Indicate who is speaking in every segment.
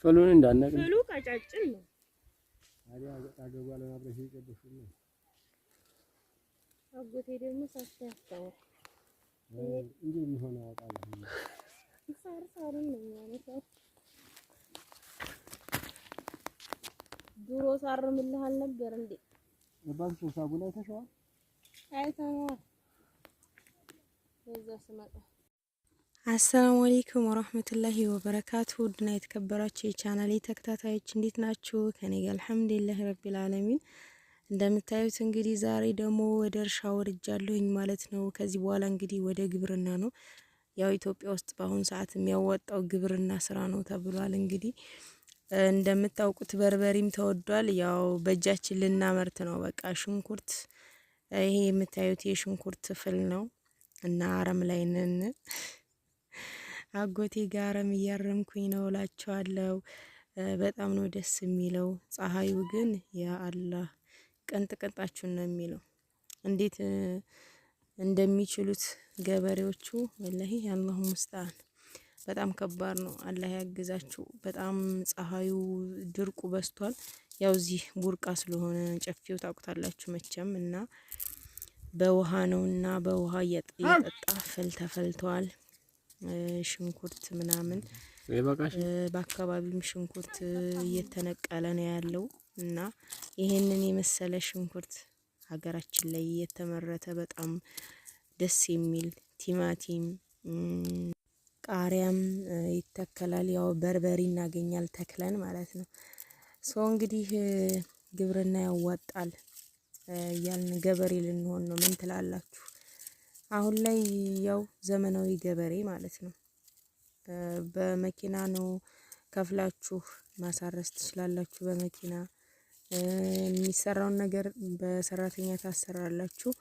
Speaker 1: ፍሉን እንዳነቅ ፍሉ ቀጫጭን ነው። አጎቴ ደግሞ ሳሳ ያስታውቅ ሳር ሳሩን ነው ድሮ ሳር ምልሃል ነበር እንዴ? አባቱ ሳጉ ላይ ተሻዋል አይተነዋል። በዛ ስመጣ አሰላሙ አሌይኩም ወራህመቱላሂ ወበረካቱ ውድና የተከበራችሁ የቻናሌ ተከታታዮች እንዴት ናችሁ? ከኔ ጋር አልሐምዱሊላህ ረቢል አለሚን። እንደምታዩት እንግዲህ ዛሬ ደግሞ ወደ እርሻ ወርጃለሁኝ ማለት ነው። ከዚህ በኋላ እንግዲህ ወደ ግብርና ነው። ያው ኢትዮጵያ ውስጥ በአሁኑ ሰዓት የሚያወጣው ግብርና ስራ ነው ተብሏል። እንግዲህ እንደምታውቁት በርበሬም ተወዷል። ያው በእጃችን ልናመርት ነው በቃ። ሽንኩርት ይሄ የምታዩት የሽንኩርት ፍል ነው እና አረም ላይ ነን አጎቴ ጋርም እያረምኩኝ ነው እላቸዋለሁ። በጣም ነው ደስ የሚለው። ፀሐዩ ግን ያ አላህ ቅንጥ ቅንጣችሁን ነው የሚለው። እንዴት እንደሚችሉት ገበሬዎቹ ወላሂ አላሁ ሙስተዓን በጣም ከባድ ነው። አላህ ያግዛችሁ። በጣም ፀሐዩ ድርቁ በስቷል ያው እዚህ ቡርቃ ስለሆነ ጨፌው ታውቁታላችሁ መቼም እና በውሃ ነውና በውሃ እየጠጣ ፈልተፈልተዋል። ሽንኩርት ምናምን በአካባቢውም ሽንኩርት እየተነቀለ ነው ያለው እና ይሄንን የመሰለ ሽንኩርት ሀገራችን ላይ እየተመረተ በጣም ደስ የሚል ቲማቲም፣ ቃሪያም ይተከላል። ያው በርበሪ እናገኛል ተክለን ማለት ነው። ሶ እንግዲህ ግብርና ያዋጣል እያልን ገበሬ ልንሆን ነው። ምን ትላላችሁ? አሁን ላይ ያው ዘመናዊ ገበሬ ማለት ነው። በመኪና ነው ከፍላችሁ ማሳረስ ትችላላችሁ። በመኪና የሚሰራውን ነገር በሰራተኛ ታሰራላችሁ።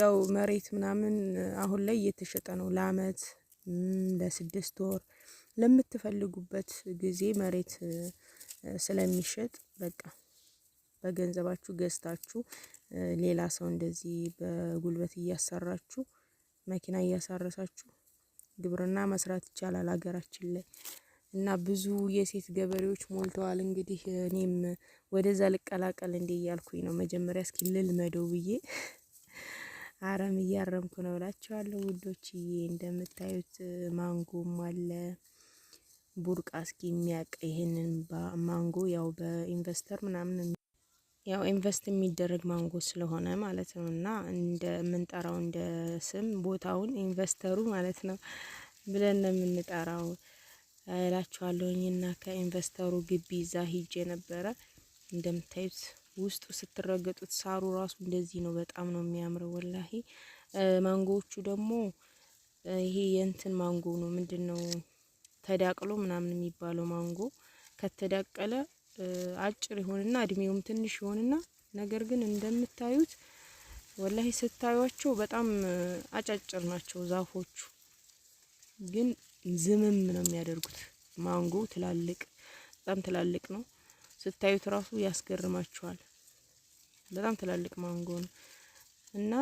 Speaker 1: ያው መሬት ምናምን አሁን ላይ እየተሸጠ ነው። ለአመት ለስድስት ወር ለምትፈልጉበት ጊዜ መሬት ስለሚሸጥ በቃ በገንዘባችሁ ገዝታችሁ ሌላ ሰው እንደዚህ በጉልበት እያሰራችሁ መኪና እያሳረሳችሁ ግብርና መስራት ይቻላል ሀገራችን ላይ እና ብዙ የሴት ገበሬዎች ሞልተዋል። እንግዲህ እኔም ወደዛ ልቀላቀል እንዴ እያልኩኝ ነው። መጀመሪያ እስኪ ልልመደው ብዬ አረም እያረምኩ ነው እላቸዋለሁ። ውዶችዬ እንደምታዩት ማንጎም አለ ቡርቃ። እስኪ የሚያውቅ ይህንን ማንጎ ያው በኢንቨስተር ምናምን ያው ኢንቨስት የሚደረግ ማንጎ ስለሆነ ማለት ነው እና እንደምንጠራው እንደ ስም ቦታውን ኢንቨስተሩ ማለት ነው ብለን ነው የምንጠራው እላችኋለሁኝ። እና ከኢንቨስተሩ ግቢ ይዛ ሂጄ ነበረ። እንደምታዩት ውስጡ ስትረገጡት ሳሩ ራሱ እንደዚህ ነው። በጣም ነው የሚያምረው ወላሂ። ማንጎዎቹ ደግሞ ይሄ የእንትን ማንጎ ነው ምንድን ነው ተዳቅሎ ምናምን የሚባለው ማንጎ ከተዳቀለ አጭር ይሆንና እድሜውም ትንሽ ይሆንና ነገር ግን እንደምታዩት ወላሂ ስታዩቸው በጣም አጫጭር ናቸው ዛፎቹ፣ ግን ዝምም ነው የሚያደርጉት። ማንጎ ትላልቅ በጣም ትላልቅ ነው። ስታዩት ራሱ ያስገርማቸዋል በጣም ትላልቅ ማንጎ ነው እና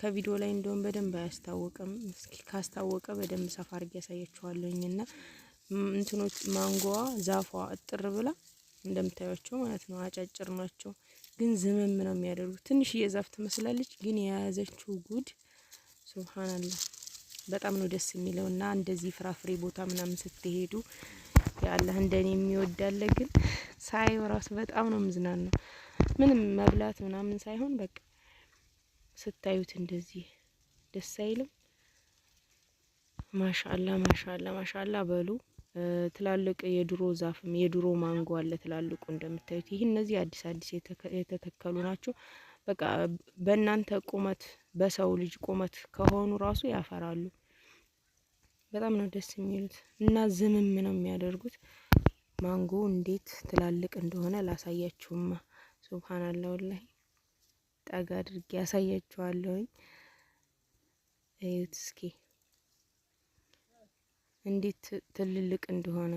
Speaker 1: ከቪዲዮ ላይ እንደውም በደንብ አያስታወቅም። እስኪ ካስታወቀ በደንብ ሰፋ አድርጌ ያሳያችኋለሁኝ እና እንትኖች ማንጎዋ ዛፏ እጥር ብላ እንደምታያቸው ማለት ነው። አጫጭር ናቸው ግን ዝምም ነው የሚያደርጉት። ትንሽዬ ዛፍ ትመስላለች ግን የያዘችው ጉድ ሱብሃንአላ በጣም ነው ደስ የሚለው እና እንደዚህ ፍራፍሬ ቦታ ምናምን ስትሄዱ ያለ እንደኔ የሚወዳለ ግን ሳየው ራሱ በጣም ነው ምዝናን ነው ምንም መብላት ምናምን ሳይሆን በቃ ስታዩት እንደዚህ ደስ አይልም? ማሻአላ ማሻአላ ማሻአላ በሉ። ትላልቅ የድሮ ዛፍም የድሮ ማንጎ አለ ትላልቁ እንደምታዩት። ይህ እነዚህ አዲስ አዲስ የተተከሉ ናቸው። በቃ በእናንተ ቁመት በሰው ልጅ ቁመት ከሆኑ ራሱ ያፈራሉ። በጣም ነው ደስ የሚሉት እና ዝምም ነው የሚያደርጉት። ማንጎ እንዴት ትላልቅ እንደሆነ ላሳያችሁማ። ሱብሃናላ ወላሂ ጠጋ አድርጌ ያሳያችኋለሁኝ። እዩት እስኪ እንዴት ትልልቅ እንደሆነ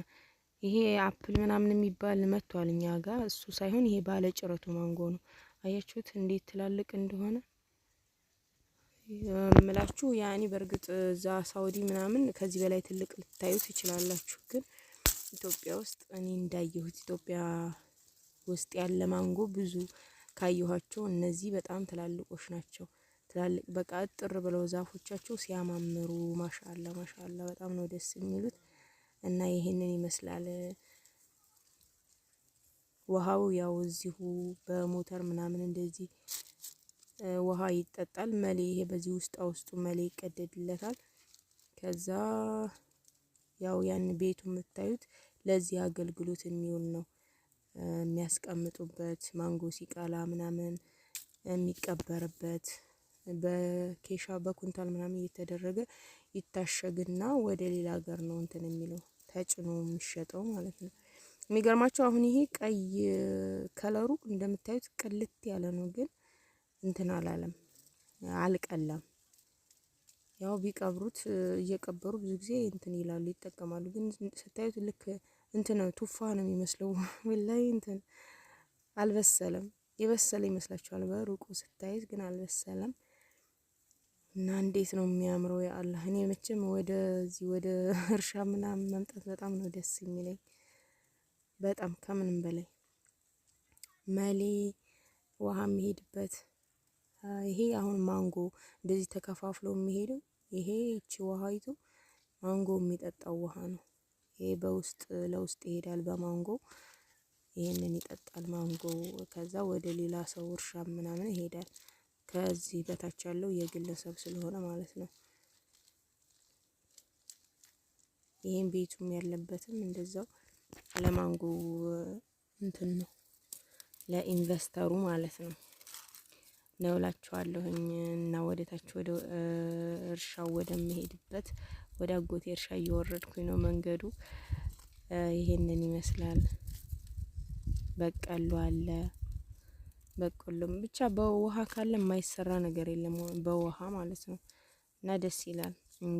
Speaker 1: ይሄ አፕል ምናምን የሚባል መጥቷል እኛ ጋር። እሱ ሳይሆን ይሄ ባለ ጭረቱ ማንጎ ነው። አያችሁት እንዴት ትላልቅ እንደሆነ ምላችሁ። ያኔ በእርግጥ እዛ ሳውዲ ምናምን ከዚህ በላይ ትልቅ ልታዩ ትችላላችሁ። ግን ኢትዮጵያ ውስጥ እኔ እንዳየሁት ኢትዮጵያ ውስጥ ያለ ማንጎ ብዙ ካየኋቸው እነዚህ በጣም ትላልቆች ናቸው። ትላልቅ በቃ እጥር ብለው ዛፎቻቸው ሲያማምሩ ማሻላ ማሻላ በጣም ነው ደስ የሚሉት እና ይሄንን ይመስላል። ውሃው ያው እዚሁ በሞተር ምናምን እንደዚህ ውሃ ይጠጣል። መሌ ይሄ በዚህ ውስጥ አውስጡ መሌ ይቀደድለታል። ከዛ ያው ያን ቤቱ የምታዩት ለዚህ አገልግሎት የሚውል ነው። የሚያስቀምጡበት ማንጎ ሲቀላ ምናምን የሚቀበርበት በኬሻ በኩንታል ምናምን እየተደረገ ይታሸግና ወደ ሌላ ሀገር ነው እንትን የሚለው ተጭኖ የሚሸጠው ማለት ነው። የሚገርማቸው አሁን ይሄ ቀይ ከለሩ እንደምታዩት ቅልት ያለ ነው፣ ግን እንትን አላለም አልቀላም። ያው ቢቀብሩት እየቀበሩ ብዙ ጊዜ እንትን ይላሉ ይጠቀማሉ። ግን ስታዩት ልክ እንትን ቱፋ ነው የሚመስለው ላይ እንትን አልበሰለም። የበሰለ ይመስላችኋል በሩቁ ስታይት ግን አልበሰለም። እና እንዴት ነው የሚያምረው! ያአላህ እኔ መቼም ወደዚህ ወደ እርሻ ምናምን መምጣት በጣም ነው ደስ የሚለኝ፣ በጣም ከምንም በላይ መሌ ውሃ የሚሄድበት ይሄ አሁን ማንጎ እንደዚህ ተከፋፍሎ የሚሄደው ይሄ እቺ ውሃ ይዞ ማንጎ የሚጠጣው ውሃ ነው። ይሄ በውስጥ ለውስጥ ይሄዳል በማንጎ ይሄንን ይጠጣል ማንጎ። ከዛ ወደ ሌላ ሰው እርሻ ምናምን ይሄዳል። ከዚህ በታች ያለው የግለሰብ ስለሆነ ማለት ነው። ይህም ቤቱም ያለበትም እንደዛው ለማንጎ እንትን ነው ለኢንቨስተሩ ማለት ነው ነው እላችኋለሁኝ። እና ወደታች ወደ እርሻው ወደምሄድበት ወደ አጎቴ እርሻ እየወረድኩኝ ነው። መንገዱ ይሄንን ይመስላል። በቀሉ አለ። በቆሎም ብቻ በውሃ ካለ የማይሰራ ነገር የለም፣ በውሃ ማለት ነው። እና ደስ ይላል።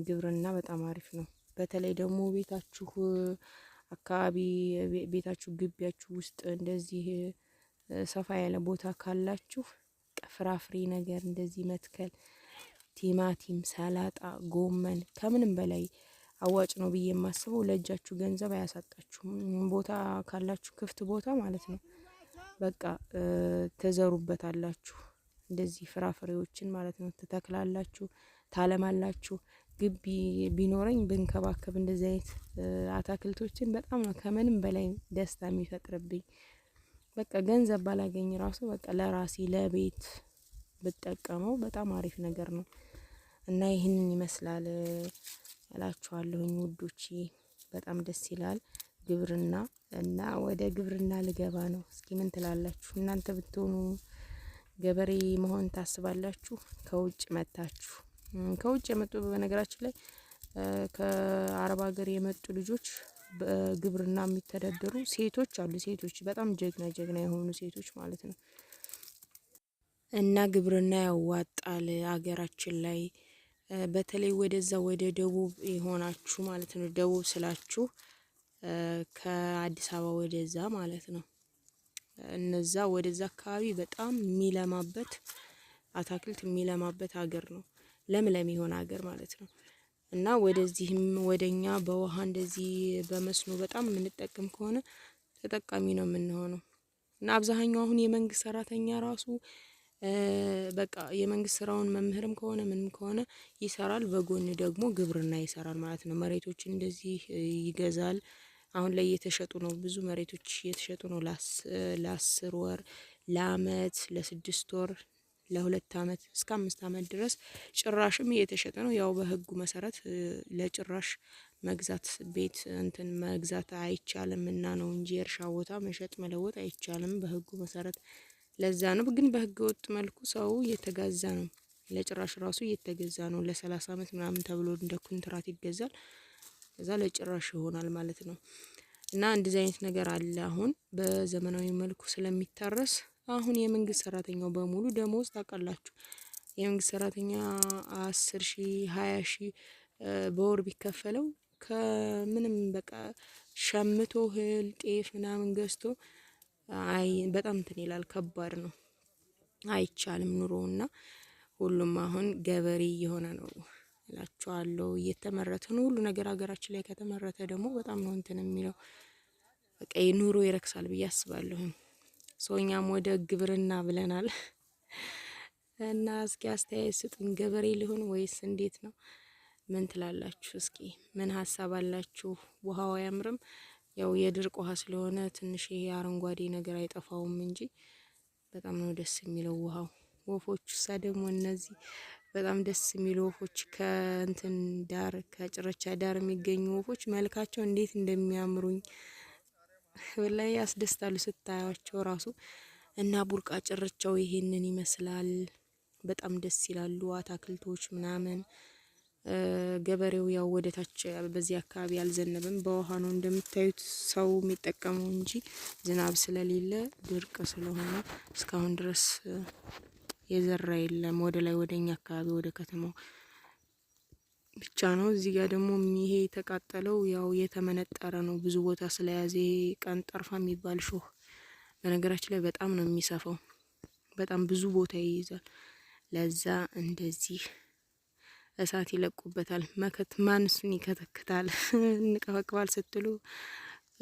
Speaker 1: ግብርና በጣም አሪፍ ነው። በተለይ ደግሞ ቤታችሁ አካባቢ ቤታችሁ ግቢያችሁ ውስጥ እንደዚህ ሰፋ ያለ ቦታ ካላችሁ ፍራፍሬ ነገር እንደዚህ መትከል ቲማቲም፣ ሰላጣ፣ ጎመን ከምንም በላይ አዋጭ ነው ብዬ የማስበው ለእጃችሁ ገንዘብ አያሳጣችሁም። ቦታ ካላችሁ ክፍት ቦታ ማለት ነው። በቃ ትዘሩበታላችሁ። እንደዚህ ፍራፍሬዎችን ማለት ነው ትተክላላችሁ፣ ታለማላችሁ። ግቢ ቢኖረኝ ብንከባከብ እንደዚህ አይነት አታክልቶችን በጣም ነው ከምንም በላይ ደስታ የሚፈጥርብኝ። በቃ ገንዘብ ባላገኝ ራሱ በቃ ለራሴ ለቤት ብጠቀመው በጣም አሪፍ ነገር ነው እና ይህንን ይመስላል እላችኋለሁኝ ውዶቼ። በጣም ደስ ይላል። ግብርና እና ወደ ግብርና ልገባ ነው። እስኪ ምን ትላላችሁ? እናንተ ብትሆኑ ገበሬ መሆን ታስባላችሁ? ከውጭ መታችሁ ከውጭ የመጡ በነገራችን ላይ ከአረብ ሀገር የመጡ ልጆች በግብርና የሚተዳደሩ ሴቶች አሉ። ሴቶች በጣም ጀግና ጀግና የሆኑ ሴቶች ማለት ነው። እና ግብርና ያዋጣል አገራችን ላይ በተለይ ወደዛ ወደ ደቡብ የሆናችሁ ማለት ነው። ደቡብ ስላችሁ ከአዲስ አበባ ወደዛ ማለት ነው። እነዛ ወደዛ አካባቢ በጣም የሚለማበት አታክልት የሚለማበት ሀገር ነው። ለምለም የሆነ ሀገር ማለት ነው። እና ወደዚህም ወደኛ በውሃ እንደዚህ በመስኖ በጣም የምንጠቀም ከሆነ ተጠቃሚ ነው የምንሆነው። እና አብዛኛው አሁን የመንግስት ሰራተኛ ራሱ በቃ የመንግስት ስራውን መምህርም ከሆነ ምንም ከሆነ ይሰራል፣ በጎን ደግሞ ግብርና ይሰራል ማለት ነው። መሬቶችን እንደዚህ ይገዛል። አሁን ላይ እየተሸጡ ነው። ብዙ መሬቶች እየተሸጡ ነው። ለአስር ወር፣ ለአመት፣ ለስድስት ወር፣ ለሁለት አመት እስከ አምስት አመት ድረስ ጭራሽም እየተሸጠ ነው። ያው በህጉ መሰረት ለጭራሽ መግዛት ቤት እንትን መግዛት አይቻልም እና ነው እንጂ የእርሻ ቦታ መሸጥ መለወጥ አይቻልም በህጉ መሰረት። ለዛ ነው ግን በህገ ወጥ መልኩ ሰው እየተጋዛ ነው። ለጭራሽ ራሱ እየተገዛ ነው። ለሰላሳ አመት ምናምን ተብሎ እንደ ኩንትራት ይገዛል። ከዛ ለጭራሽ ይሆናል ማለት ነው። እና እንደዚህ አይነት ነገር አለ። አሁን በዘመናዊ መልኩ ስለሚታረስ አሁን የመንግስት ሰራተኛው በሙሉ ደሞዝ ታውቃላችሁ። የመንግስት ሰራተኛ አስር ሺ ሀያ ሺ በወር ቢከፈለው ከምንም በቃ ሸምቶ እህል ጤፍ ምናምን ገዝቶ አይ በጣም እንትን ይላል። ከባድ ነው፣ አይቻልም ኑሮውና ሁሉም አሁን ገበሬ እየሆነ ነው። እላችኋለሁ። እየተመረተ ነው ሁሉ ነገር ሀገራችን ላይ ከተመረተ ደግሞ በጣም ነው እንትን የሚለው በቃ ኑሮ ይረክሳል ብዬ አስባለሁ። ሰውኛም ወደ ግብርና ብለናል እና እስኪ አስተያየት ስጡኝ። ገበሬ ሊሆን ወይስ እንዴት ነው? ምን ትላላችሁ? እስኪ ምን ሀሳብ አላችሁ? ውሃው አያምርም። ያው የድርቅ ውሃ ስለሆነ ትንሽ ይሄ አረንጓዴ ነገር አይጠፋውም እንጂ በጣም ነው ደስ የሚለው ውሃው። ወፎቹ ሳ ደግሞ እነዚህ በጣም ደስ የሚሉ ወፎች ከእንትን ዳር ከጭረቻ ዳር የሚገኙ ወፎች መልካቸው እንዴት እንደሚያምሩኝ ወላሂ ያስደስታሉ ስታያቸው ራሱ እና ቡርቃ ጭረቻው ይሄንን ይመስላል። በጣም ደስ ይላሉ አታክልቶች ምናምን። ገበሬው ያው ወደታች በዚህ አካባቢ አልዘነበም፣ በውሃ ነው እንደምታዩት ሰው የሚጠቀመው እንጂ ዝናብ ስለሌለ ድርቅ ስለሆነ እስካሁን ድረስ የዘራ የለም። ወደ ላይ ወደ እኛ አካባቢ ወደ ከተማው ብቻ ነው። እዚህ ጋር ደግሞ ይሄ የተቃጠለው ያው የተመነጠረ ነው፣ ብዙ ቦታ ስለያዘ ይሄ ቀን ጠርፋ የሚባል ሾህ በነገራችን ላይ በጣም ነው የሚሰፋው፣ በጣም ብዙ ቦታ ይይዛል። ለዛ እንደዚህ እሳት ይለቁበታል። መከት ማን ይከተክታል እንቀፈቅባል ስትሉ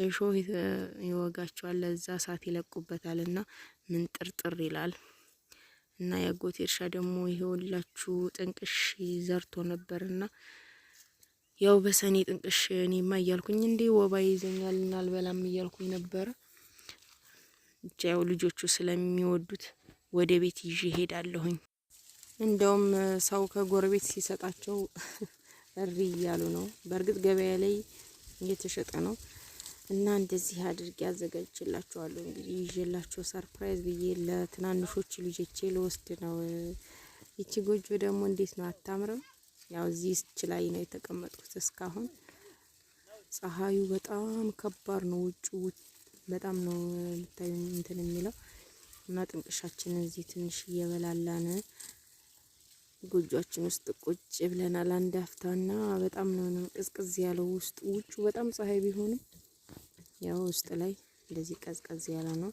Speaker 1: እሾህ ይወጋቸዋል። ለዛ እሳት ይለቁበታል እና ምን ጥርጥር ይላል። እና ያጎቴ እርሻ ደግሞ ይሄውላችሁ ጥንቅሽ ዘርቶ ነበርና ያው በሰኔ ጥንቅሽ እኔማ እያልኩኝ እንዴ ወባ ይዘኛልና አልበላም እያልኩኝ ነበረ። ብቻ ያው ልጆቹ ስለሚወዱት ወደ ቤት ይዤ ሄዳለሁኝ። እንደውም ሰው ከጎረቤት ሲሰጣቸው እሪ እያሉ ነው። በእርግጥ ገበያ ላይ እየተሸጠ ነው። እና እንደዚህ አድርጌ አዘጋጅላችኋለሁ። እንግዲህ ይዤላችሁ ሰርፕራይዝ ብዬ ለትናንሾች ልጆቼ ልወስድ ነው። ይቺ ጎጆ ደግሞ እንዴት ነው አታምርም? ያው እዚህ ስች ላይ ነው የተቀመጥኩት እስካሁን። ፀሐዩ በጣም ከባድ ነው። ውጭ በጣም ነው የምታዩ እንትን የሚለው እና ጥንቅሻችንን እዚህ ትንሽ እየበላላን ጎጆችን ውስጥ ቁጭ ብለናል። አንድ አፍታና በጣም ነው ቅዝቅዝ ያለው ውስጥ ውጩ በጣም ፀሐይ ቢሆንም ያው ውስጥ ላይ እንደዚህ ቀዝቀዝ ያለ ነው።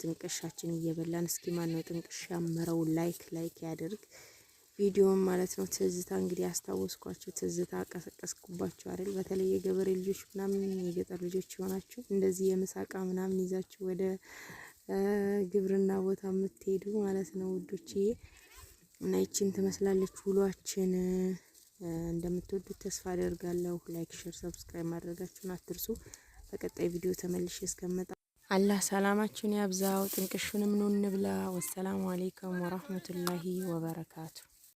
Speaker 1: ጥንቅሻችን እየበላን እስኪ ማን ነው ጥንቅሽ ያመረው? ላይክ ላይክ ያድርግ ቪዲዮን ማለት ነው። ትዝታ እንግዲህ አስታወስኳችሁ፣ ትዝታ ቀሰቀስኩባችሁ አይደል? በተለይ የገበሬ ልጆች ምናምን፣ የገጠር ልጆች የሆናችሁ እንደዚህ የምሳቃ ምናምን ይዛችሁ ወደ ግብርና ቦታ የምትሄዱ ማለት ነው ውዶችዬ እና ይችን ትመስላለች ውሏችን። እንደምትወዱት ተስፋ አደርጋለሁ። ላይክ፣ ሼር፣ ሰብስክራይብ ማድረጋችሁን አትርሱ። በቀጣይ ቪዲዮ ተመልሼ እስከመጣ አላህ ሰላማችሁን ያብዛው። ጥንቅሹንም ኑ እንብላ። ወሰላሙ አሌይኩም ወራህመቱላሂ ወበረካቱ።